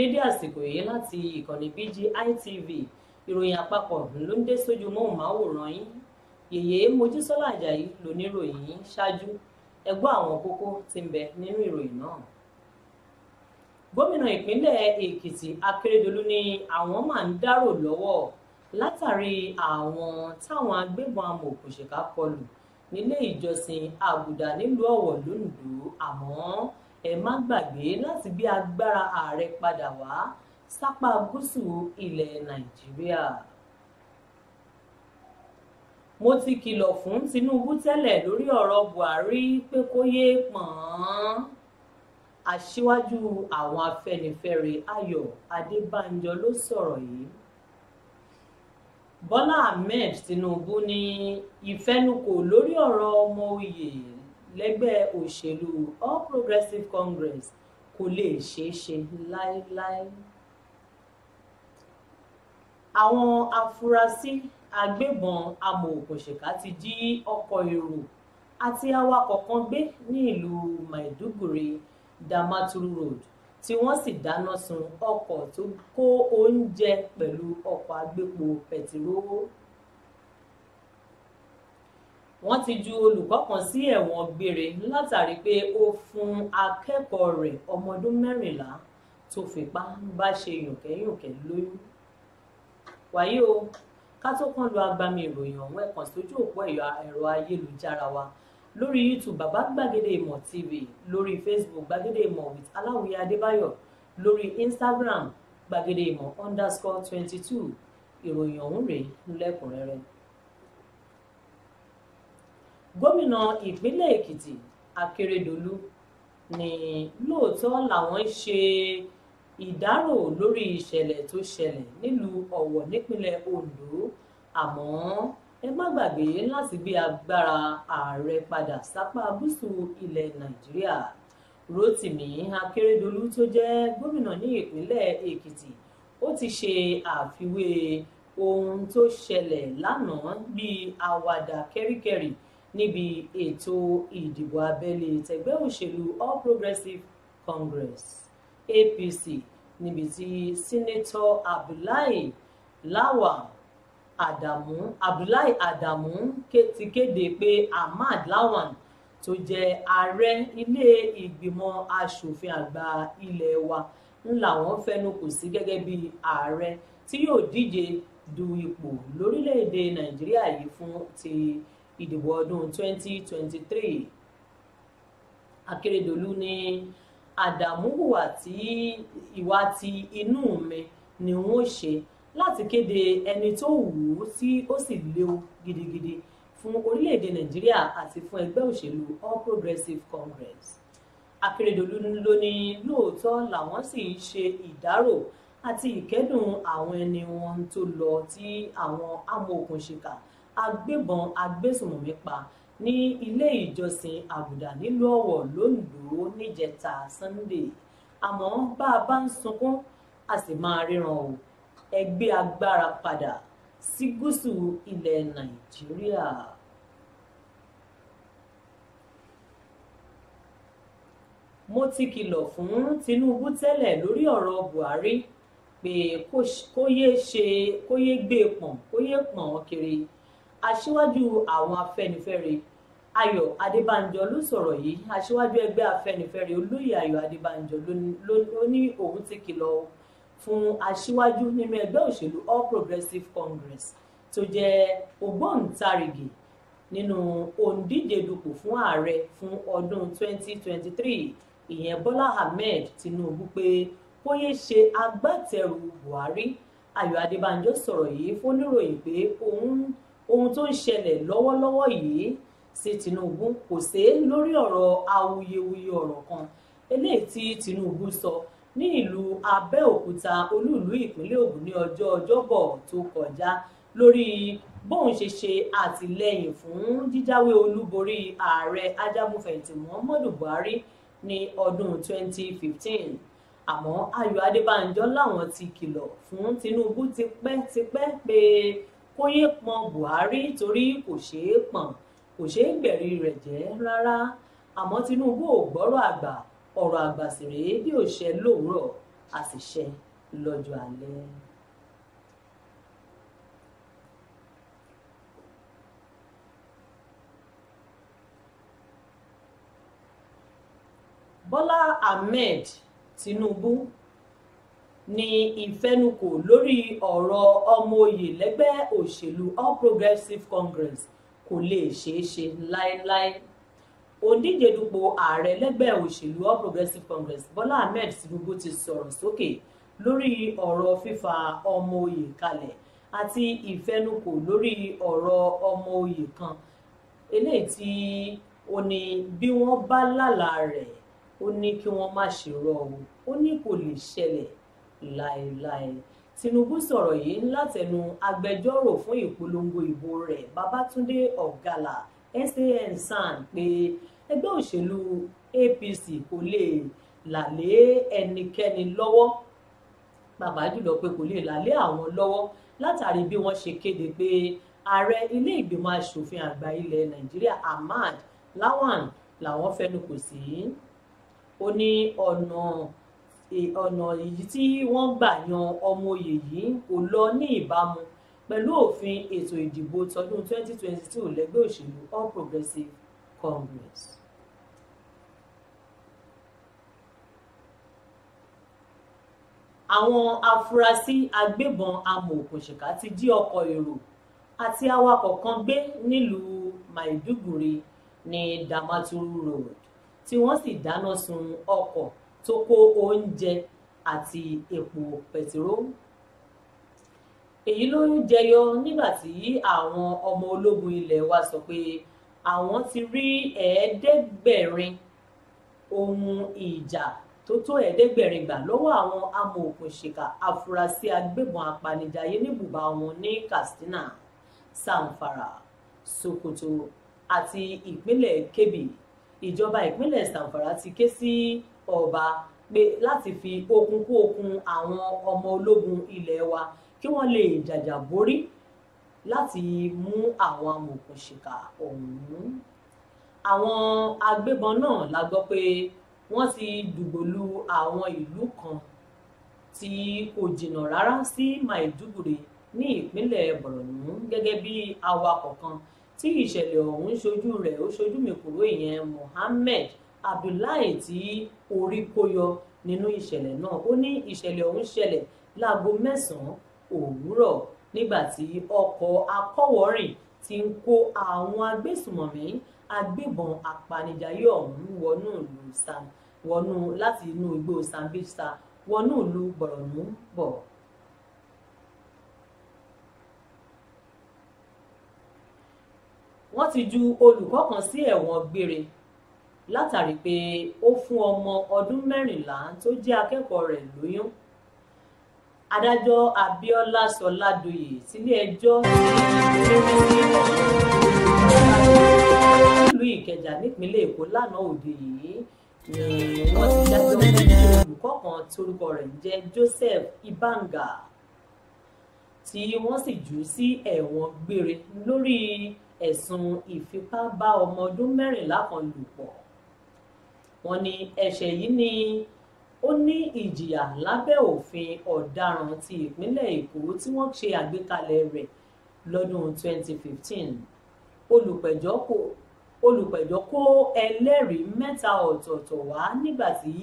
dédé àsìkò yìí láti ìkànnì BGI TV ìròyìn àpapọ̀ ló ń dé sójú móhùnmáwòrán yín yèyé mojísọ́lá àjàyí lóníròyìn yín ṣáájú ẹ gbọ́ àwọn kókó tí ń bẹ nínú ìròyìn náà. gómìnà ìpínlẹ̀ èkìtì akérèdọ́lù ní àwọn máa ń dárò lọ́wọ́ látàrí àwọn táwọn agbébọn amòòkùnṣìkà kọlù nílé ìjọsìn àgùdà nílùú ọ̀wọ̀ lóńdó àmọ́ ẹ má gbàgbé láti gbé agbára ààrẹ padà wá sápá gúúsù ilẹ̀ nàìjíríà mo ti kìlọ̀ fún tinubu tẹ́lẹ̀ lórí ọ̀rọ̀ buhari pé kó yéé pọ̀n án aṣíwájú àwọn afẹ́nifẹ́re ayọ̀ adébánjọ ló sọ̀rọ̀ yìí bọ́lá ahmed tinubu ní ìfẹnukò lórí ọ̀rọ̀ ọmọ òye lẹ́gbẹ́ òṣèlú All progressive Congress kò lè ṣeé ṣe láéláé. àwọn afurasí agbébọn amòòkùnṣìkà ti jí ọkọ̀ èrò àti awakọ̀ kan gbé ní ìlú Maiduguri Damaturu Road tí wọ́n sì dáná sun ọkọ̀ tó kó oúnjẹ pẹ̀lú ọkọ̀ agbépo pẹtiró wọ́n ti ju olùkọ́ kan sí ẹ̀wọ̀n gbére látàrí pé ó fún akẹ́kọ̀ọ́ rẹ̀ ọmọ ọdún mẹ́rìnlá tó fipá bá ṣe yùnkẹ́yùnkẹ́ lóyún. wàyí o ká tó kàn lu agbami ìròyìn ọ̀hún ẹ̀kan sójú òpó ẹ̀rọ ayélujára wa lórí youtube bàbá gbàgede ìmọ̀ tv lórí facebook gbàgede ìmọ̀ with aláwìyé adébáyọ̀ lórí instagram gbàgede ìmọ̀ underscore twenty two ìròyìn ọ̀hún rèé lẹ́kùnrẹ́rẹ́ gómìnà ìpínlẹ̀ èkìtì akérèdọ́lù ni lóòótọ́ làwọn ṣe ìdárò lórí ìṣẹ̀lẹ̀ tó ṣẹlẹ̀ nílùú ọ̀wọ̀ nípínlẹ̀ ondo àmọ́ ẹ má gbàgbé láti gbé agbára ààrẹ padà sápá gúúsù ilẹ̀ nàìjíríà rotimi akérèdọ́lù tó jẹ́ gómìnà ní ìpínlẹ̀ èkìtì ó ti ṣe àfiwé ohun tó ṣẹlẹ̀ lánàá bíi àwàdà kẹ́ríkẹ́rí keri níbi ètò ìdìbò abẹ́lé tẹgbẹ́ òṣèlú All Progressives Congress APC níbi tí sínẹ́tọ̀ Abdullahi Lawal Adamu Abdullahi Adamu ti kéde pé Ahmad Lawan tó jẹ́ ààrẹ ilé ìgbìmọ̀ asòfin àgbà ilé wa ń làwọn fẹnu kò sí gẹ́gẹ́ bí ààrẹ tí yóò díje du ipò lórílẹ̀‐èdè Nàìjíríà yìí fún ti ìdìbò ọdún 2023 Akérédolú ní Àdàmú hùwà tí ìwà ti inú mi ni wọ́n ṣe láti kéde ẹni tó wù ú tí ó sì léwu gidigidi fún orílẹ̀-èdè Nàìjíríà àti fún ẹgbẹ́ òṣèlú All Progressives Congress Akérédolú ló ní lóòótọ́ làwọn sì ń ṣe ìdárò àti ìkẹ́dùn àwọn ẹni wọn tó lọ tí àwọn amòòkùnṣìkà agbébọn agbésùnmọ̀mí pa ní ilé ìjọsìn àbùdá nílùú ọ̀wọ̀ londo níjẹta sunday àmọ́ bá a bá ń sunkún a sì máa ríran o ẹ gbé agbára padà sí gúúsù ilẹ̀ nàìjíríà. mo ti kìlọ̀ fún tinubu tẹ́lẹ̀ lórí ọ̀rọ̀ buhari pé kó yéé gbé pọ̀n kó yéé pọ̀n kiri aṣíwájú àwọn afẹ́nifẹ́re ayọ̀ adébánjọ ló sọ̀rọ̀ yìí aṣíwájú ẹgbẹ́ afẹ́nifẹ́re olóyè ayọ̀ adébánjọ ló ní òun ti kìlọ̀ fún aṣíwájú nínú ẹgbẹ́ òṣèlú all progressive congress tó jẹ́ ògbóǹtarìgì nínú òǹdíje dupò fún ààrẹ fún ọdún 2023 ìyẹn bọ́lá ahmed tinubu pé kó yéé ṣe agbátẹrù buhari ayọ̀ adébánjọ sọ̀rọ̀ yìí fóníròyìn pé òun ohun tó ń ṣẹlẹ̀ lọ́wọ́lọ́wọ́ yìí sí Tinubu kò ṣe é lórí ọ̀rọ̀ awuyewuye ọ̀rọ̀ kan eléyìí tí Tinubu sọ ní ìlú Abẹ́òkúta olúìlú ìpínlẹ̀ Ògùn ní ọjọ́ ọjọ́bọ̀ tó kọjá lórí bóun ṣe ṣe àtìlẹ́yìn fún jíjáwé olúborí ààrẹ ajagunfẹ̀yìntì Muhammadu Buhari ní ọdún 2015 àmọ́ Ayọ̀ Adébánjọ làwọn ti kìlọ̀ fún Tinubu tipẹ́tipẹ́ pé. Pe kó yéé pọn Buhari torí kò ṣeé pọn kò ṣeé gbẹ̀rí rẹ̀ jẹ́ rárá àmọ́ Tinubu ò gbọ́rọ̀ àgbà ọ̀rọ̀ àgbà sì rèé bí ò ṣe lówùúrọ̀ a sì ṣe lọ́jọ́ alẹ́. Bọ́lá Ahmed Tinubu ní ìfẹnukò lórí ọ̀rọ̀ ọmọ òye lẹ́gbẹ́ òṣèlú All Progressives Congress kò lè ṣeé ṣe láéláé òǹdíje dupò ààrẹ lẹ́gbẹ́ òṣèlú All Progressives Congress Bọ́lá Ahmed Tinubu ti sọ̀rọ̀ sókè lórí ọ̀rọ̀ fífa ọmọ òye kalẹ̀ àti ìfẹnukò lórí ọ̀rọ̀ ọmọ òye kan eléyìí tí ó ní bí wọ́n bá lálàá rẹ̀ ó ní kí wọ́n má ṣe rọ ó ní kò lè ṣẹlẹ̀ láéláé Tinubu sọ̀rọ̀ yìí látẹnu agbẹjọ́rò fún ìpolongo ìbò rẹ̀ Babátúndé Ọ̀gálá SAN SAN pé ẹgbẹ́ òṣèlú APC kò lè làlé ẹnikẹ́ni lọ́wọ́ bàbá jùlọ pé kò lè làlé àwọn lọ́wọ́ látàrí bí wọ́n ṣe kéde pé ààrẹ ilé ìgbìmọ̀ asòfin àgbà ilẹ̀ Nàìjíríà Ahmad Lawan làwọn fẹnukò sí ó ní ọ̀nà ọ̀nà èyí tí wọ́n gbà yan ọmọoyè yìí kò lọ ní ìbámu pẹ̀lú òfin ètò ìdìbò tọdún 2022 lẹ́gbẹ́ òṣèlú All Progressives Congress. àwọn afurasí agbébọn amòòkùnṣìkà ti jí ọkọ̀ èrò àti awakọ̀ kan gbé nílùú Maiduguri ní Damaturu Road tí wọ́n sì dáná sun ọkọ̀ tó kó oúnjẹ àti epo pẹtiró èyí ló ń jẹyọ nígbà tí àwọn ọmọ ológun ilẹ̀ wa sọ pé àwọn ti rí ẹ̀ẹ́dẹ́gbẹ̀rin ohun ìjà tó tó ẹ̀ẹ́dẹ́gbẹ̀rin gbà lọ́wọ́ àwọn amòòkùnṣìkà afurasí agbébọn apanijayé níbùbá wọn ní Katsina Samfara Sokoto àti ìpínlẹ̀ Kebbi ìjọba ìpínlẹ̀ Samfara ti ké sí ọba pé láti fi okun kú okun àwọn ọmọ ológun ilẹ̀ wa kí wọ́n lè jàjà borí láti mú àwọn amòòkùnṣìkà ọ̀hún. àwọn agbébọn náà la gbọ́ pé wọ́n ti dùgbòlu àwọn ìlú kan tí kò jìnnà rárá sí Maiduguri ní ìpínlẹ̀ Borno gẹ́gẹ́ bí awakọ̀ kan tí ìṣẹ̀lẹ̀ ọ̀hún ṣojú rẹ̀ ó ṣojú mi kúrò ìyẹn Mohammed abdullahi tí orí kó yọ nínú ìṣẹ̀lẹ̀ náà ó ní ìṣẹ̀lẹ̀ ọ̀hún ṣẹlẹ̀ láago mẹ́sàn-án òwúrọ̀ nígbà tí ọkọ̀ akọ́wọ́rìn ti ń kó àwọn agbésùmọ̀mí agbébọn apanijayé ọ̀hún wọnú ìlú sam wọnú láti inú igbó sambisa wọnú ìlú bọ̀rọ̀nù bọ̀. wọ́n ti ju olùkọ́ kan sí ẹ̀wọ̀n gbére látàrí pé ó fún ọmọ ọdún mẹ́rìnlá tó jẹ́ akẹ́kọ̀ọ́ rẹ̀ lóyún adájọ́ Abíọ́lá Sọládòyè sílé-ẹjọ́ nílùú Ìkẹjà nípínlẹ̀ Èkó lánàá òde yìí ni wọ́n ti dájọ́ olùkọ́ kan torúkọ rẹ̀ ń jẹ́ Joseph Ibanga tí wọ́n sì jù ú sí ẹ̀wọ̀n gbére lórí ẹ̀sùn ìfipá bá ọmọ ọdún mẹ́rìnlá kan lò pọ̀ wọ́n ní ẹ̀ṣẹ̀ yìí ni ó ní ìjìyà lábẹ́ òfin ọ̀daràn ti ìpínlẹ̀ èkó tí wọ́n ṣe àgbékalẹ̀ rẹ̀ lọ́dún 2015 olùpẹ̀jọ́ kò olùpẹ̀jọ́ kó ẹlẹ́rìí mẹ́ta ọ̀tọ̀ọ̀tọ̀ wá nígbà tí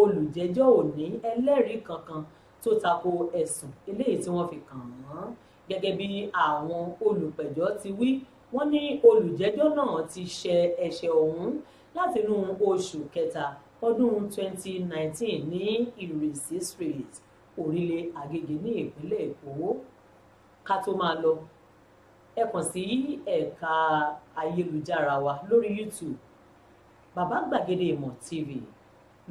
olùjẹ́jọ́ ò ní ẹlẹ́rìí kankan tó tako ẹ̀sùn eléyìí tí wọ́n fi kàn wọ́n gẹ́gẹ́ bí àwọn olùpẹ̀jọ́ ti wí wọ́n ní olùjẹ́jọ́ náà ti ṣe ẹ̀ṣẹ̀ ọ̀hún látinú oṣù kẹta ọdún 2019 ní ìrèsí street orílẹ̀ àgègè ní ìpínlẹ̀ èkó ká tó máa lọ ẹ sí ẹ̀ka ayélujára wa lórí youtube bàbá gbàgede ìmọ̀ tv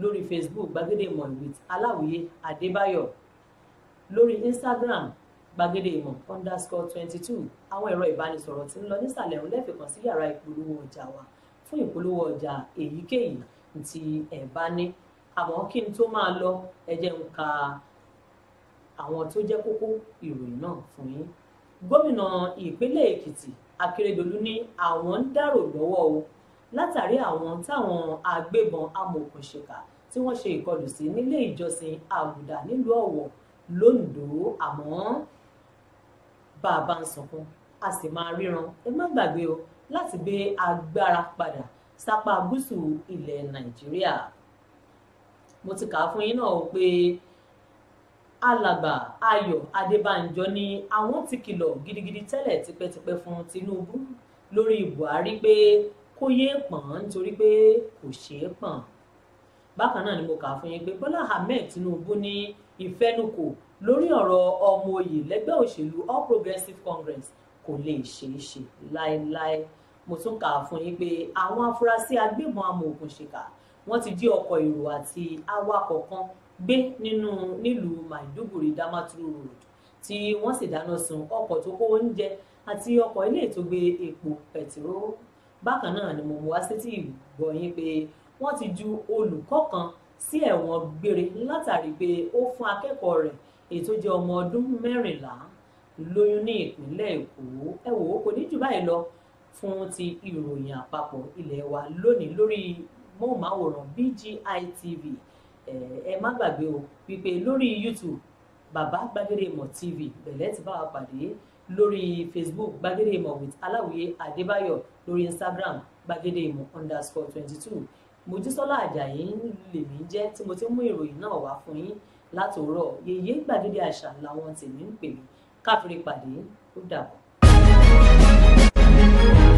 lórí facebook gbàgede ìmọ̀ with aláwìyé adébáyọ̀ lórí instagram gbàgede ìmọ̀ underscore twenty two àwọn ẹ̀rọ ìbánisọ̀rọ̀ tí ń lọ nísàlẹ̀ òun lẹ́fẹ̀ẹ́ sí yàrá ìpolówó ọjà wa fún ìpolówó ọjà èyíkéyìí tí ẹ bá ní àmọ́ kí n tó máa lọ ẹ jẹ́ ń ka àwọn tó jẹ́ kókó ìròyìn náà fún yín gómìnà ìpínlẹ̀ èkìtì akérèdọ́lù ní àwọn ń dárò lọ́wọ́ o látàrí àwọn táwọn agbébọn amòòkùnṣìkà tí wọ́n ṣe ìkọlù sí nílé ìjọsìn àgùdà nílùú ọ̀wọ̀ londo àmọ́ bá a bá ń sọkún a sì máa ríran ẹ má gbàgbé o láti gbé agbára padà sápá gúúsù ilẹ̀ nàìjíríà mo ti kà á fún yín náà pé alàgbà ayọ̀ adébánjọ ni àwọn ti kìlọ̀ gidigidi tẹ́lẹ̀ tipẹ́tipẹ́ fún tinubu lórí buhari pé kó yéé pọ̀n nítorí pé kò ṣeé pọ̀n bákan náà ni mo kà á fún yín pé bọ́lá ahmed tinubu ní ìfẹnukò lórí ọ̀rọ̀ ọmọ oyè lẹ́gbẹ́ òṣèlú all progressives congress kò lè ṣeé ṣe láéláé. Lai mo tún kà á fún yín pé àwọn afurasí agbébọn amòòkùnṣìkà wọ́n ti jí ọkọ̀ èrò àti awakọ̀ kan gbé nínú nílùú Maiduguri Damaturu road tí wọ́n sì dáná sun ọkọ̀ tó kó oúnjẹ àti ọkọ̀ ilé tó epo pẹtiró bákan náà ni mo mú wá sétí ìgbọ́ yín pé wọ́n ti ju olùkọ́ kan sí ẹ̀wọ̀n gbére látàrí pé ó fún akẹ́kọ̀ọ́ rẹ̀ èyí tó jẹ́ ọmọ ọdún mẹ́rìnlá lóyún ní ìpínlẹ̀ Èkó ẹ wò ó kò ní jù báyìí lọ fún ti ìròyìn àpapọ̀ ilé wa lónìí lórí móhùnmáwòrán BGI TV ẹ má gbàgbé o wípé lórí YouTube bàbá gbàgede ìmọ̀ TV bẹ̀lẹ́ ti bá wa pàdé lórí Facebook gbàgede ìmọ̀ with aláwìyé adébáyọ̀ lórí Instagram gbàgede ìmọ̀ underscore twenty two mojísọ́lá àjàyí lèmi jẹ́ tí mo ti mú ìròyìn náà wá fún yín látòórọ̀ yèyé gbàgede àṣà làwọn tèmi ń pè mí káfíńpàdé ó dàbọ̀. Thank you.